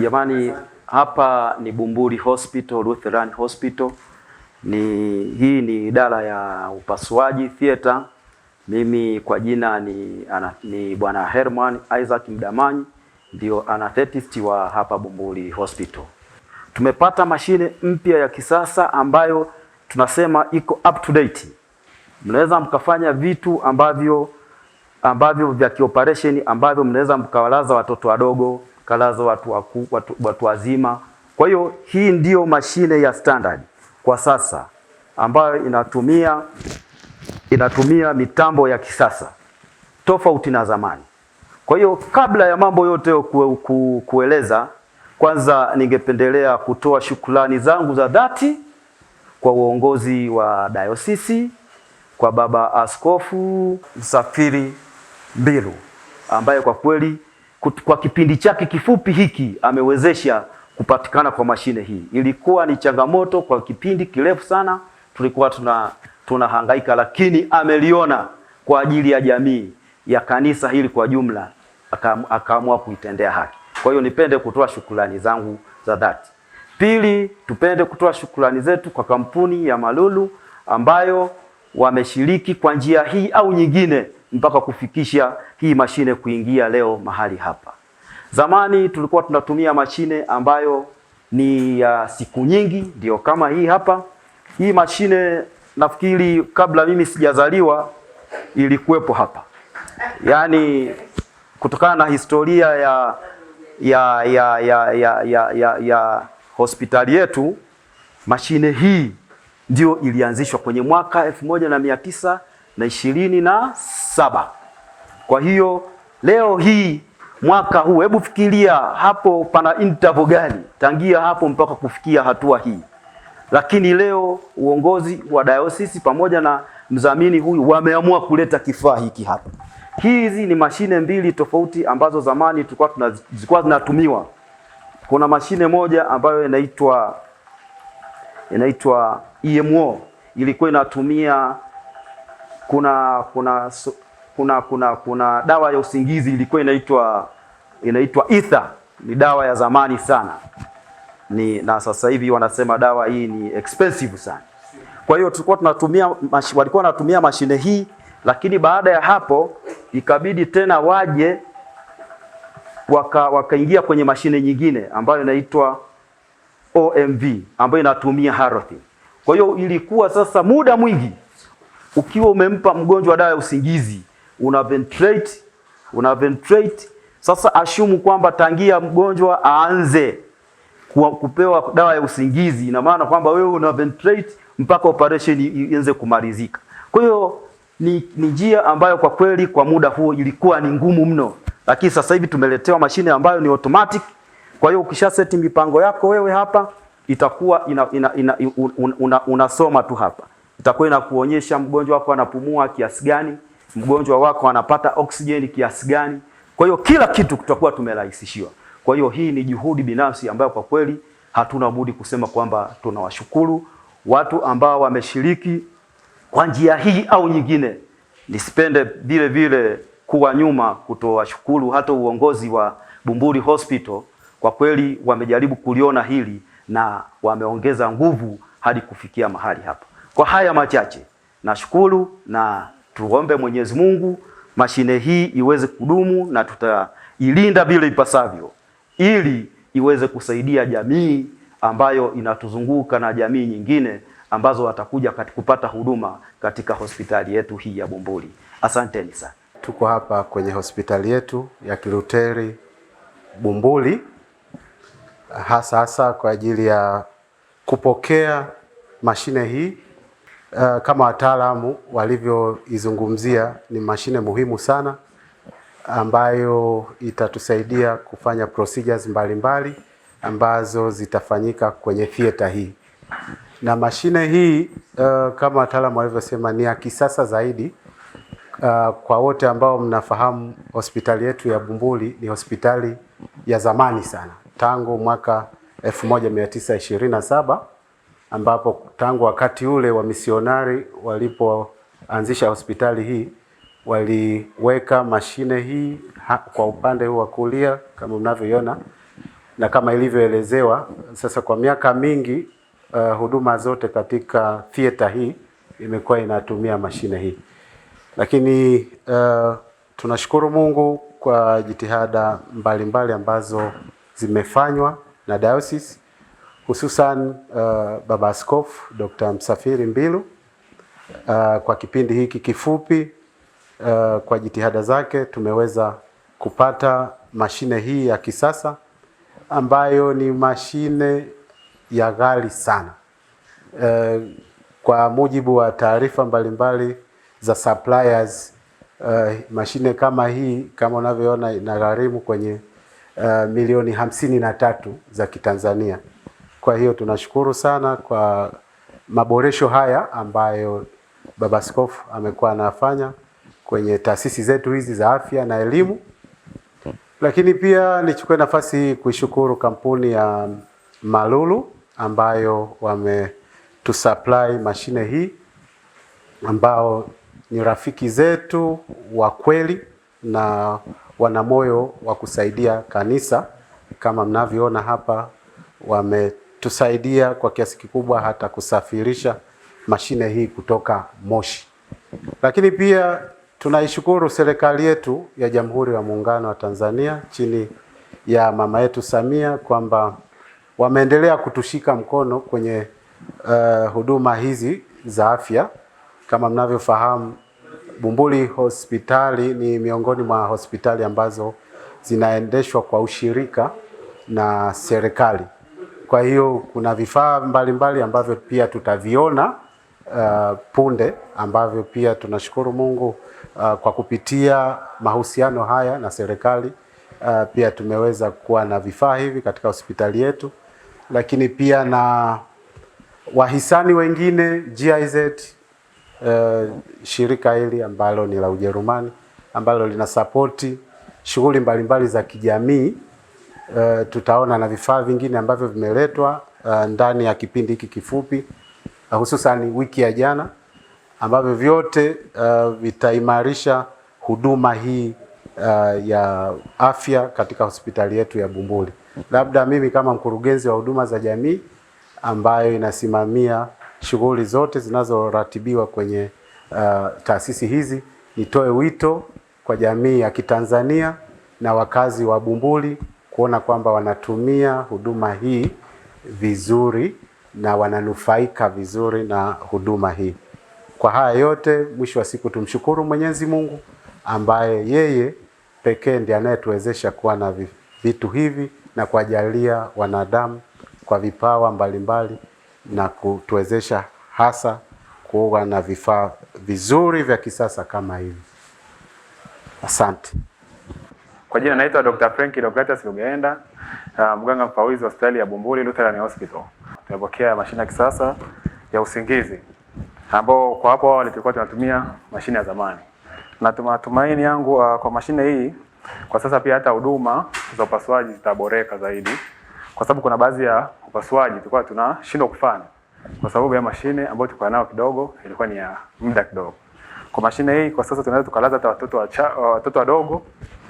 Jamani, hapa ni Bumbuli Hospital, Lutheran Hospital. Ni hii ni idara ya upasuaji theater. Mimi kwa jina ni, ana, ni Bwana Herman Isaac Mdamanyi ndio anathetist wa hapa Bumbuli Hospital. Tumepata mashine mpya ya kisasa ambayo tunasema iko up to date. Mnaweza mkafanya vitu ambavyo ambavyo vya kioperation ambavyo mnaweza mkawalaza watoto wadogo, kalaza watu waku, watu, watu wazima. Kwa hiyo hii ndiyo mashine ya standard kwa sasa ambayo inatumia inatumia mitambo ya kisasa tofauti na zamani. Kwa hiyo kabla ya mambo yote kue, kue, kueleza, kwanza ningependelea kutoa shukrani zangu za dhati kwa uongozi wa dayosisi, kwa Baba Askofu Msafiri Mbilu ambaye kwa kweli kwa kipindi chake kifupi hiki amewezesha kupatikana kwa mashine hii. Ilikuwa ni changamoto kwa kipindi kirefu sana, tulikuwa tuna tunahangaika, lakini ameliona kwa ajili ya jamii ya kanisa hili kwa jumla, akaamua kuitendea haki. Kwa hiyo nipende kutoa shukrani zangu za dhati. Pili, tupende kutoa shukrani zetu kwa kampuni ya Malulu ambayo wameshiriki kwa njia hii au nyingine mpaka kufikisha hii mashine kuingia leo mahali hapa. Zamani tulikuwa tunatumia mashine ambayo ni ya siku nyingi, ndio kama hii hapa. Hii mashine nafikiri kabla mimi sijazaliwa ilikuwepo hapa, yaani kutokana na historia ya ya ya ya ya ya, ya, ya hospitali yetu, mashine hii ndio ilianzishwa kwenye mwaka elfu moja na mia tisa na ishirini na saba. Kwa hiyo leo hii mwaka huu, hebu fikiria hapo pana interval gani tangia hapo mpaka kufikia hatua hii. Lakini leo uongozi wa dayosisi pamoja na mzamini huyu wameamua kuleta kifaa hiki hapa. Hizi ni mashine mbili tofauti ambazo zamani tulikuwa tunazikuwa zinatumiwa kuna mashine moja ambayo inaitwa inaitwa EMO ilikuwa inatumia kuna kuna kuna kuna kuna dawa ya usingizi ilikuwa inaitwa inaitwa ether. Ni dawa ya zamani sana, ni na sasa hivi wanasema dawa hii ni expensive sana. Kwa hiyo tulikuwa tunatumia walikuwa wanatumia mashine hii, lakini baada ya hapo ikabidi tena waje wakaingia waka kwenye mashine nyingine ambayo inaitwa OMV ambayo inatumia harathi. Kwa hiyo ilikuwa sasa muda mwingi ukiwa umempa mgonjwa dawa ya usingizi una ventilate, una ventilate. Sasa ashumu kwamba tangia mgonjwa aanze kupewa dawa ya usingizi, ina maana kwamba wewe una ventilate mpaka operation ianze kumalizika. Kwa hiyo ni njia ambayo kwa kweli kwa muda huo ilikuwa ni ngumu mno. Lakini sasa hivi tumeletewa mashine ambayo ni automatic. Kwa hiyo ukisha seti mipango yako wewe hapa itakuwa ina, ina, ina, un, una, unasoma tu hapa. Itakuwa inakuonyesha mgonjwa wako anapumua kiasi gani, mgonjwa wako anapata oksijeni kiasi gani. Kwa hiyo kila kitu tutakuwa tumerahisishiwa. Kwa hiyo hii ni juhudi binafsi ambayo kwa kweli hatuna budi kusema kwamba tunawashukuru watu ambao wameshiriki kwa njia hii au nyingine. Nisipende vile vile kuwa nyuma kutowashukuru hata uongozi wa Bumbuli Hospital. Kwa kweli wamejaribu kuliona hili na wameongeza nguvu hadi kufikia mahali hapa. Kwa haya machache, nashukuru na tuombe Mwenyezi Mungu mashine hii iweze kudumu na tutailinda vile ipasavyo, ili iweze kusaidia jamii ambayo inatuzunguka na jamii nyingine ambazo watakuja kupata huduma katika hospitali yetu hii ya Bumbuli. Asanteni sana tuko hapa kwenye hospitali yetu ya Kiluteri Bumbuli, hasa hasa kwa ajili ya kupokea mashine hii. Uh, kama wataalamu walivyoizungumzia ni mashine muhimu sana ambayo itatusaidia kufanya procedures mbalimbali mbali, ambazo zitafanyika kwenye theater hii na mashine hii uh, kama wataalamu walivyosema ni ya kisasa zaidi Uh, kwa wote ambao mnafahamu hospitali yetu ya Bumbuli ni hospitali ya zamani sana tangu mwaka 1927 ambapo tangu wakati ule wa misionari walipoanzisha hospitali hii waliweka mashine hii ha, kwa upande huu wa kulia kama mnavyoiona na kama ilivyoelezewa sasa. Kwa miaka mingi uh, huduma zote katika theater hii imekuwa inatumia mashine hii. Lakini uh, tunashukuru Mungu kwa jitihada mbalimbali mbali ambazo zimefanywa na diocese hususan uh, Baba Askofu Dr. Msafiri Mbilu uh, kwa kipindi hiki kifupi uh, kwa jitihada zake tumeweza kupata mashine hii ya kisasa ambayo ni mashine ya ghali sana uh, kwa mujibu wa taarifa mbalimbali za suppliers. Uh, mashine kama hii kama unavyoona inagharimu kwenye uh, milioni hamsini na tatu za Kitanzania. Kwa hiyo tunashukuru sana kwa maboresho haya ambayo Baba Askofu amekuwa anafanya kwenye taasisi zetu hizi za afya na elimu. Lakini pia nichukue nafasi hii kuishukuru kampuni ya Malulu ambayo wametusupply mashine hii ambao ni rafiki zetu wa kweli na wana moyo wa kusaidia kanisa. Kama mnavyoona hapa, wametusaidia kwa kiasi kikubwa hata kusafirisha mashine hii kutoka Moshi. Lakini pia tunaishukuru serikali yetu ya Jamhuri ya Muungano wa Tanzania chini ya mama yetu Samia kwamba wameendelea kutushika mkono kwenye uh, huduma hizi za afya. Kama mnavyofahamu, Bumbuli hospitali ni miongoni mwa hospitali ambazo zinaendeshwa kwa ushirika na serikali. Kwa hiyo kuna vifaa mbalimbali ambavyo pia tutaviona uh, punde ambavyo pia tunashukuru Mungu uh, kwa kupitia mahusiano haya na serikali uh, pia tumeweza kuwa na vifaa hivi katika hospitali yetu, lakini pia na wahisani wengine GIZ Eh, shirika hili ambalo ni la Ujerumani ambalo lina sapoti shughuli mbalimbali za kijamii eh, tutaona na vifaa vingine ambavyo vimeletwa eh, ndani ya kipindi hiki kifupi eh, hususan wiki ya jana ambavyo vyote eh, vitaimarisha huduma hii eh, ya afya katika hospitali yetu ya Bumbuli. Labda mimi kama mkurugenzi wa huduma za jamii ambayo inasimamia shughuli zote zinazoratibiwa kwenye uh, taasisi hizi. Nitoe wito kwa jamii ya Kitanzania na wakazi wa Bumbuli kuona kwamba wanatumia huduma hii vizuri na wananufaika vizuri na huduma hii. Kwa haya yote, mwisho wa siku tumshukuru Mwenyezi Mungu ambaye yeye pekee ndiye anayetuwezesha kuwa na vitu hivi na kuwajalia wanadamu kwa vipawa mbalimbali mbali na kutuwezesha hasa kuwa na vifaa vizuri vya kisasa kama hivi. Asante. Kwa jina naitwa Dr. Frank Deogratias Lugaenda, uh, mganga mfawizi wa hospitali ya Bumbuli Lutheran Hospital. Tumepokea mashine ya kisasa ya usingizi ambao kwa hapo awali tulikuwa tunatumia mashine ya zamani, na tumatumaini yangu uh, kwa mashine hii kwa sasa pia hata huduma za upasuaji zitaboreka zaidi, kwa sababu kuna baadhi ya upasuaji tulikuwa tunashindwa kufanya kwa sababu ya mashine ambayo tulikuwa nayo kidogo ilikuwa ni ya muda kidogo. Kwa mashine hii kwa sasa tunaweza tukalaza hata watoto wa watoto wadogo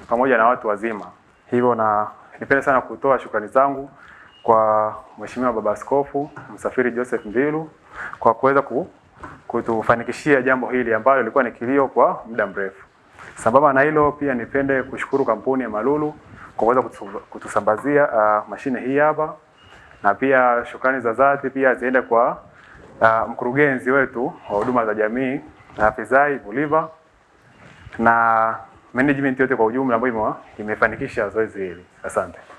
pamoja na watu wazima. Hivyo na nipende sana kutoa shukrani zangu kwa Mheshimiwa Baba Askofu Msafiri Joseph Mbilu kwa kuweza ku, kutufanikishia jambo hili ambalo lilikuwa ni kilio kwa muda mrefu. Sambamba na hilo pia nipende kushukuru kampuni ya Malulu kwa kuweza kutusambazia uh, mashine hii hapa na pia shukrani za dhati pia ziende kwa uh, mkurugenzi wetu wa huduma za jamii Afizai ah, Buliva na management yote kwa ujumla ambayo imefanikisha zoezi hili. Asante.